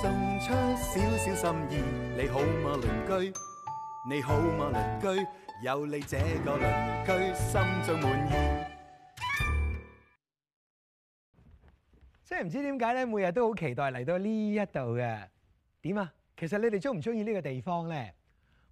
送出少少心意，你好嘛鄰居？你好嘛鄰居？有你這個鄰居，心中滿意。即係唔知點解咧，每日都好期待嚟到呢一度嘅點啊？其實你哋中唔中意呢個地方咧？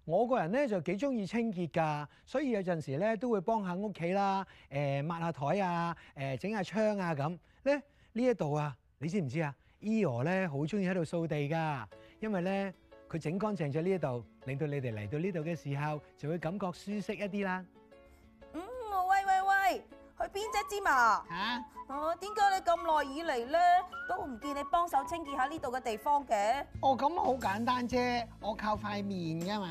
我個人咧就幾中意清潔噶，所以有陣時咧都會幫下屋企啦，誒、呃、抹下台啊，誒、呃、整下窗啊咁咧，呢一度啊，你知唔知啊？Eo 咧好鍾意喺度掃地㗎，因為咧佢整乾淨咗呢度，令到你哋嚟到呢度嘅時候就會感覺舒適一啲啦。嗯，喂喂喂，去邊隻芝麻？吓、啊？哦、啊，點解你咁耐以嚟咧都唔見你幫手清潔下呢度嘅地方嘅？哦，咁好簡單啫，我靠塊面㗎嘛。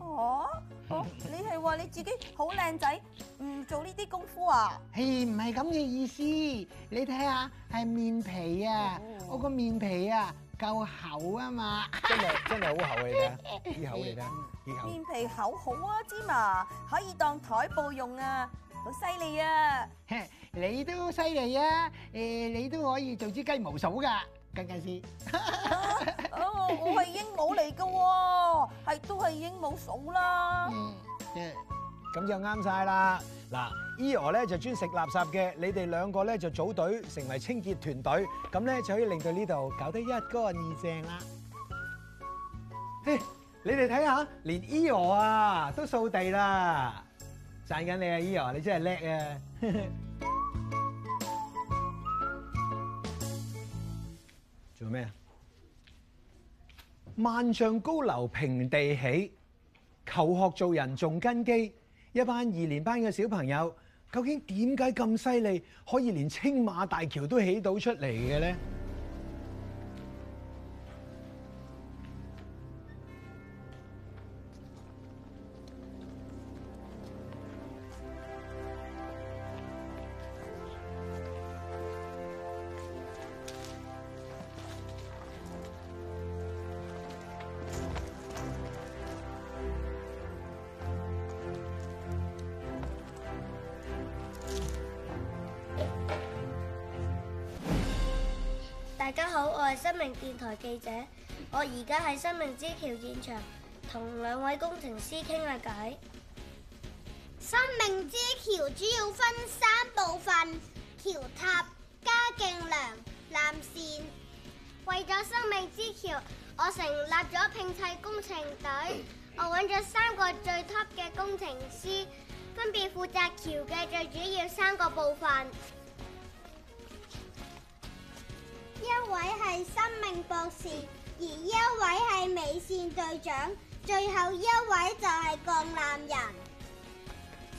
哦、啊。哦，你係話你自己好靚仔，唔做呢啲功夫啊？誒唔係咁嘅意思，你睇下係面皮啊，我個面皮啊夠厚啊嘛，真係真係好厚嚟㗎，幾厚嚟㗎，幾厚。面皮厚好啊，芝麻可以當枱布用啊，好犀利啊！你都犀利啊，誒你都可以做支雞毛掃㗎，近近先。我係鸚鵡嚟噶，係都係鸚鵡數啦。嗯，咁、嗯、就啱晒啦。嗱，Eo 咧就專食垃圾嘅，你哋兩個咧就組隊成為清潔團隊，咁咧就可以令到呢度搞得一乾二淨啦。嘿，你哋睇下，連 Eo 啊都掃地啦，讚緊你啊 Eo，你真係叻啊！ 做咩啊？萬丈高樓平地起，求學做人重根基。一班二年班嘅小朋友，究竟點解咁犀利，可以連青馬大橋都起到出嚟嘅呢？大家好，我係生命電台記者，我而家喺生命之橋現場，同兩位工程師傾下偈。生命之橋主要分三部分：橋塔、加勁樑、纜線。為咗生命之橋，我成立咗拼砌工程隊，我揾咗三個最 top 嘅工程師，分別負責橋嘅最主要三個部分。一位係生命博士，而一位係美線隊長，最後一位就係鋼纜人。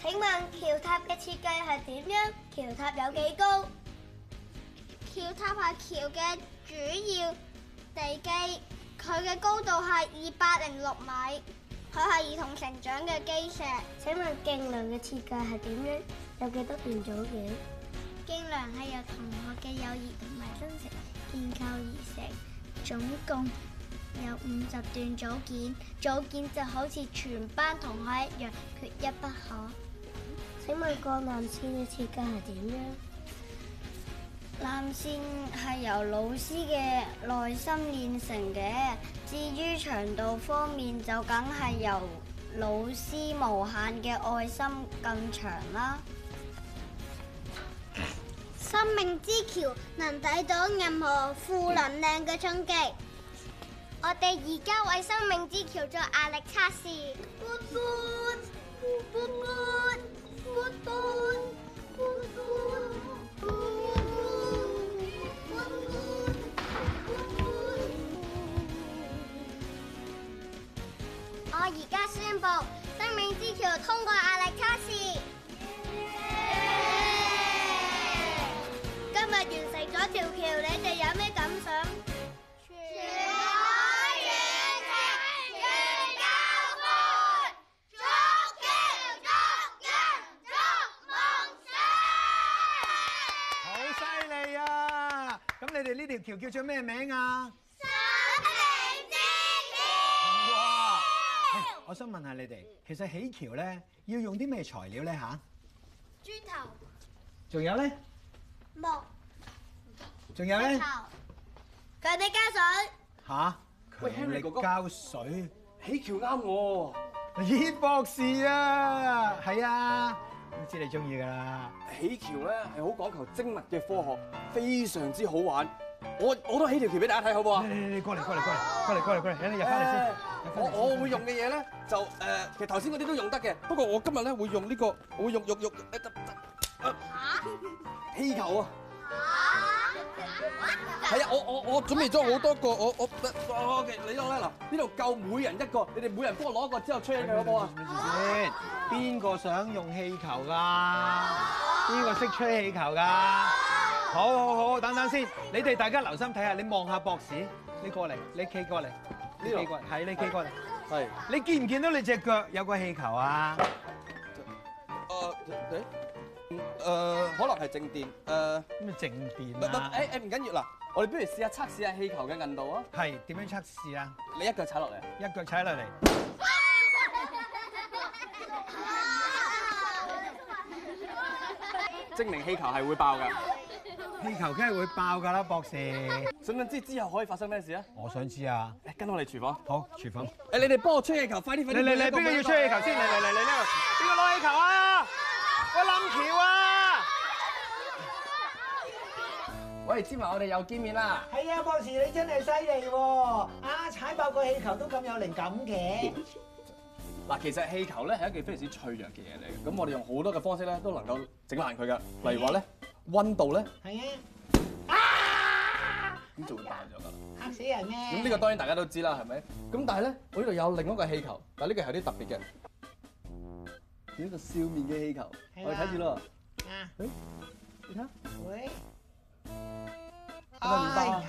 請問橋塔嘅設計係點樣？橋塔有幾高？橋塔係橋嘅主要地基，佢嘅高度係二百零六米，佢係兒童成長嘅基石。請問勁梁嘅設計係點樣？有幾多段組件？勁梁係由同學嘅友誼同埋真誠。研究而成，總共有五十段組件，組件就好似全班同學一樣，缺一不可。請問個纜線嘅設計係點樣？纜線係由老師嘅內心練成嘅，至於長度方面就梗係由老師無限嘅愛心更長啦。生命之橋能抵擋任何負能量嘅衝擊，我哋而家為生命之橋做壓力測試。不斷，不斷，不斷，不斷，不斷，不斷，我而家宣布，生命之橋通過壓力測試。完成咗條橋，你哋有咩感想？好犀利啊！咁你哋呢條橋叫做咩名啊？我想問下你哋，其實起橋咧要用啲咩材料咧？吓，磚頭。仲有咧？木。仲有咧，強力膠水嚇！強力膠水起橋啱我，咦博士啊，係啊，都知你中意噶啦。起橋咧係好講求精密嘅科學，非常之好玩。我我都起條橋俾大家睇，好唔好啊？你你你過嚟過嚟過嚟過嚟過嚟過嚟，等你入翻嚟先。我我會用嘅嘢咧，就誒，其實頭先嗰啲都用得嘅，不過我今日咧會用呢個，我會用肉肉誒得得啊氣球啊。係啊，我我我準備咗好多個，我我我我，OK，你攞，啦嗱，呢度夠每人一個，你哋每人幫我攞一個之後吹嘅好唔好啊？先，邊個想用氣球噶？邊個識吹氣球噶？好好好，等等先，你哋大家留心睇下，你望下博士，你過嚟，你企過嚟，企過嚟，睇你企過嚟，係，你見唔見到你隻腳有個氣球啊？啊、呃，誒？誒、呃，可能係靜電。誒、呃，咩靜電啊？誒誒，唔緊、欸欸、要啦。我哋不如試下測試下氣球嘅硬度啊。係，點樣測試啊？你一腳踩落嚟。一腳踩落嚟。證明氣球係會爆噶。氣球梗係會爆噶啦，博士。想唔想知之後可以發生咩事啊？我想知啊。嚟跟我哋廚房。好，廚房。誒，你哋幫我吹氣球，快啲，快啲。你你，嚟，邊個要吹氣球先？嚟嚟嚟嚟呢，邊個攞氣球啊？阿林喬啊！喂，芝麻，我哋又見面啦！係啊，博士，你真係犀利喎！啊，踩爆個氣球都咁有靈感嘅。嗱，其實氣球咧，係一件非常之脆弱嘅嘢嚟嘅。咁我哋用好多嘅方式咧都能夠整爛佢噶。例如話咧，溫度咧，係啊，咁就爛咗啦。吓死人咧？咁呢個當然大家都知啦，係咪？咁但係咧，我呢度有另一個氣球，但呢個係啲特別嘅。一個笑面嘅氣球，我哋睇住咯。啊，誒，你睇，喂，啊，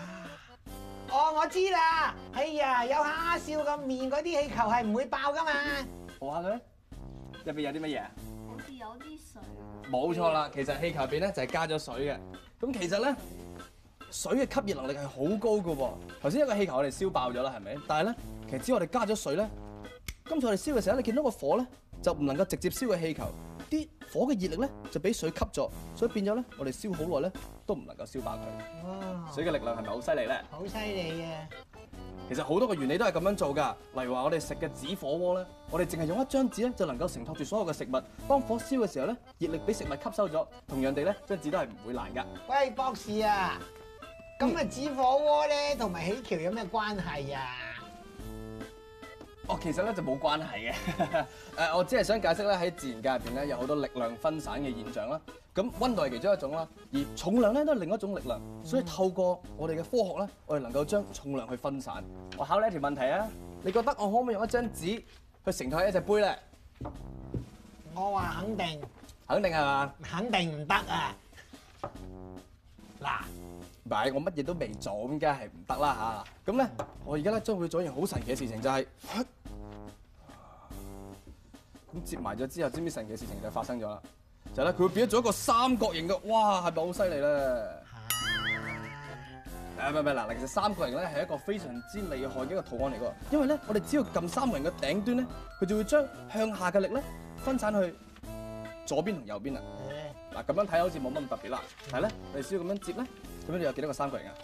哦，我知啦。哎呀，有哈哈笑個面，嗰啲氣球係唔會爆噶嘛？我睇佢，入邊有啲乜嘢啊？好似有啲水。冇錯啦，其實氣球入邊咧就係加咗水嘅。咁其實咧，水嘅吸熱能力係好高噶。頭先一個氣球我哋燒爆咗啦，係咪？但係咧，其實只要我哋加咗水咧，今次我哋燒嘅時候，你見到個火咧？就唔能夠直接燒個氣球，啲火嘅熱力咧就俾水吸咗，所以變咗咧，我哋燒好耐咧都唔能夠燒爆佢。哇！水嘅力量係咪好犀利咧？好犀利嘅，其實好多個原理都係咁樣做㗎。例如話我哋食嘅紙火鍋咧，我哋淨係用一張紙咧，就能夠承托住所有嘅食物。當火燒嘅時候咧，熱力俾食物吸收咗，同樣地咧，張紙都係唔會爛㗎。喂，博士啊，咁啊紙火鍋咧同埋氣球有咩關係啊？哦，其實咧就冇關係嘅。誒，我只係想解釋咧喺自然界入邊咧有好多力量分散嘅現象啦。咁溫度係其中一種啦，而重量咧都係另一種力量。所以透過我哋嘅科學咧，我哋能夠將重量去分散。我考你一條問題啊，你覺得我可唔可以用一張紙去承托一隻杯咧？我話肯定，肯定係嘛？肯定唔得啊！嗱，唔係我乜嘢都未做，咁梗係唔得啦嚇。咁咧，我而家咧將會做一樣好神奇嘅事情，就係。咁接埋咗之後，知唔知成件事情就發生咗啦？就係咧佢會變咗做一個三角形嘅，哇係咪好犀利咧？係。唔係唔係，嗱嗱其實三角形咧係一個非常之厲害嘅一個圖案嚟㗎，因為咧我哋只要撳三角形嘅頂端咧，佢就會將向下嘅力咧分散去左邊同右邊啊。嗱咁樣睇好似冇乜咁特別啦，係咧，你需要咁樣接咧。咁樣你有幾多個三角形啊？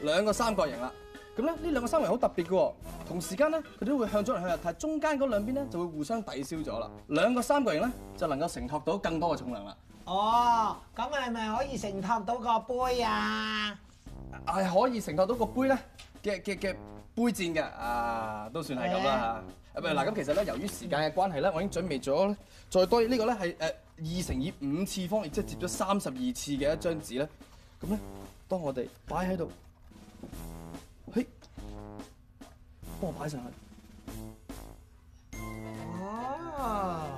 兩個，兩個三角形啦。咁咧呢兩個三角形好特別㗎喎。同時間咧，佢都會向左嚟向右，但係中間嗰兩邊咧就會互相抵消咗啦。兩個三角形咧，就能夠承托到更多嘅重量啦。哦，咁係咪可以承托到個杯啊？係、啊、可以承托到個杯咧嘅嘅嘅杯戰嘅啊，都算係咁啦。唔係嗱，咁、啊、其實咧，由於時間嘅關係咧，我已經準備咗再多、呢個、呢個咧係誒二乘以五次方，即係折咗三十二次嘅一張紙咧。咁咧，當我哋擺喺度，嘿。我擺上去。哇、啊！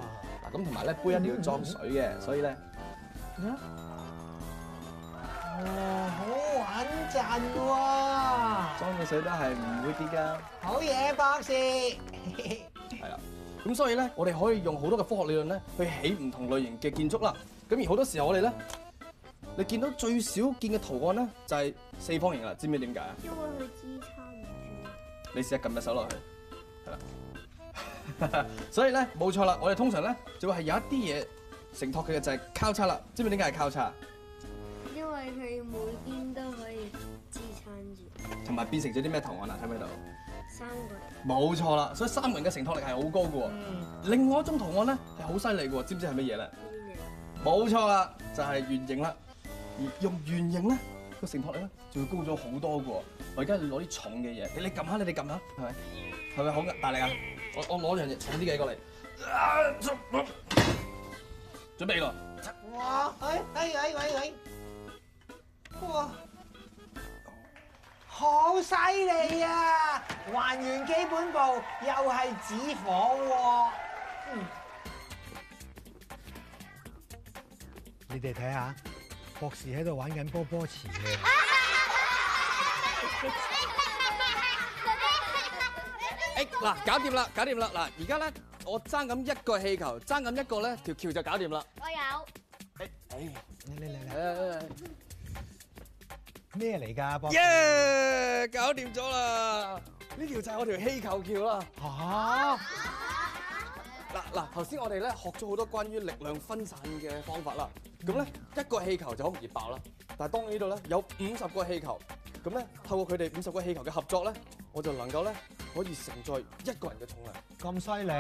嗱，咁同埋咧，杯一定要裝水嘅，所以咧，啊，啊，好穩陣喎，裝嘅水都係唔會跌噶。好嘢，博士。係 啊，咁所以咧，我哋可以用好多嘅科學理論咧，去起唔同類型嘅建築啦。咁而好多時候我哋咧，你見到最少見嘅圖案咧，就係、是、四方形啦。知唔知點解啊？因為佢支撐。你試下撳隻手落去，係啦。 所以咧，冇錯啦，我哋通常咧就會係有一啲嘢承托佢嘅就係交叉啦，知唔知點解係交叉？因為佢每邊都可以支撐住。同埋變成咗啲咩圖案啊？睇唔睇到？三個人。冇錯啦，所以三個人嘅承托力係好高嘅喎。嗯。另外一種圖案咧係好犀利嘅喎，知唔知係乜嘢咧？冇錯啦，就係圓形啦。而用圓形咧。個承托力咧就會高咗好多㗎喎，我而家攞啲重嘅嘢，你你撳下，你哋撳下，係咪？係咪好嘅大力啊！我我攞樣嘢重啲嘅過嚟，準備咯！哇！哎哎哎哎哇！好犀利啊！還原基本步，又係紙火喎！嗯，你哋睇下。博士喺度玩緊波波池嘅。哎，嗱，搞掂啦，搞掂啦，嗱，而家咧，我爭咁一個氣球，爭咁一個咧，條橋就搞掂啦。我有。哎哎，嚟嚟嚟嚟嚟嚟嚟嚟。咩嚟㗎？博士。耶！搞掂咗啦！呢條就係我條氣球橋啦。吓！嗱，頭先我哋咧學咗好多關於力量分散嘅方法啦。咁咧一個氣球就好容易爆啦。但係當呢度咧有五十個氣球，咁咧透過佢哋五十個氣球嘅合作咧，我就能夠咧，可以承載一個人嘅重量，咁犀利！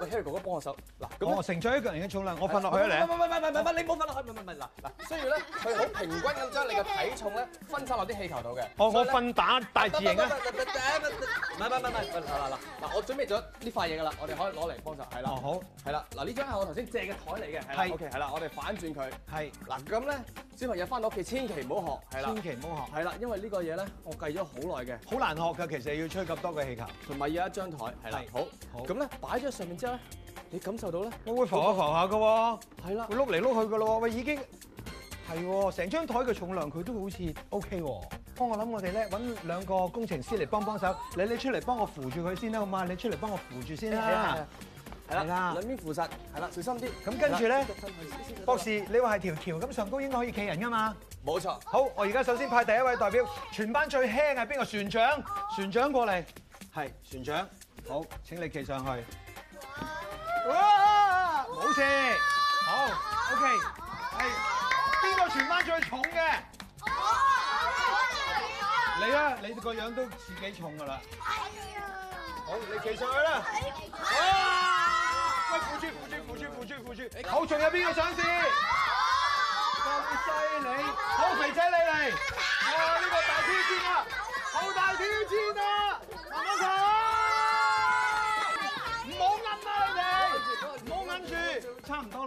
喂，Harry 哥哥幫我手，嗱，咁我承載一個人嘅重量，我瞓落去啊你！唔係唔係唔係唔係唔係，你唔好瞓落去，唔係唔係唔係，嗱嗱，需要咧，佢好平均咁將你嘅體重咧分散落啲氣球度嘅。哦，我瞓打大字型啊！唔係唔係唔係唔係，嗱嗱嗱，嗱我準備咗呢塊嘢噶啦，我哋可以攞嚟幫手，係啦，哦好，係啦，嗱呢張係我頭先借嘅枱嚟嘅，係，OK，係啦，我哋反轉佢，係，嗱咁咧小朋友返到屋企千祈唔好學，係啦，千祈唔好學，係啦，因為呢個嘢咧我計咗好耐嘅，好難學㗎，其實要吹咁多嘅。同埋有一張台，係啦，好，咁咧擺咗上面之後咧，你感受到咧，我會浮下浮下㗎喎，係啦，會碌嚟碌去㗎咯喎，喂，已經係喎，成張台嘅重量佢都好似 O K 喎，幫我諗我哋咧搵兩個工程師嚟幫幫手，你你出嚟幫我扶住佢先啦，好嘛，你出嚟幫我扶住先啦，係啦，兩邊扶實，係啦，小心啲，咁跟住咧，博士你話係條橋咁上高應該可以企人噶嘛，冇錯，好，我而家首先派第一位代表，全班最輕係邊個船長？船長過嚟。係船長，好，請你騎上去。哇！冇事，好、啊、，OK、啊。係邊個全班最重嘅？你咧，你個樣都自己重㗎啦？係啊。好，你騎上去啦。好、啊。喂，啊、扶住、啊、扶住扶住扶住扶住！仲有有邊個上試？咁犀利，好肥仔你嚟！哇、啊，呢個大挑戰啊，好大挑戰啊！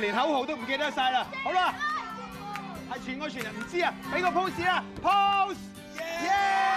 連口號都唔記得晒啦，好啦，係全個全人唔知啊，俾個 pose 啦，pose。Yeah.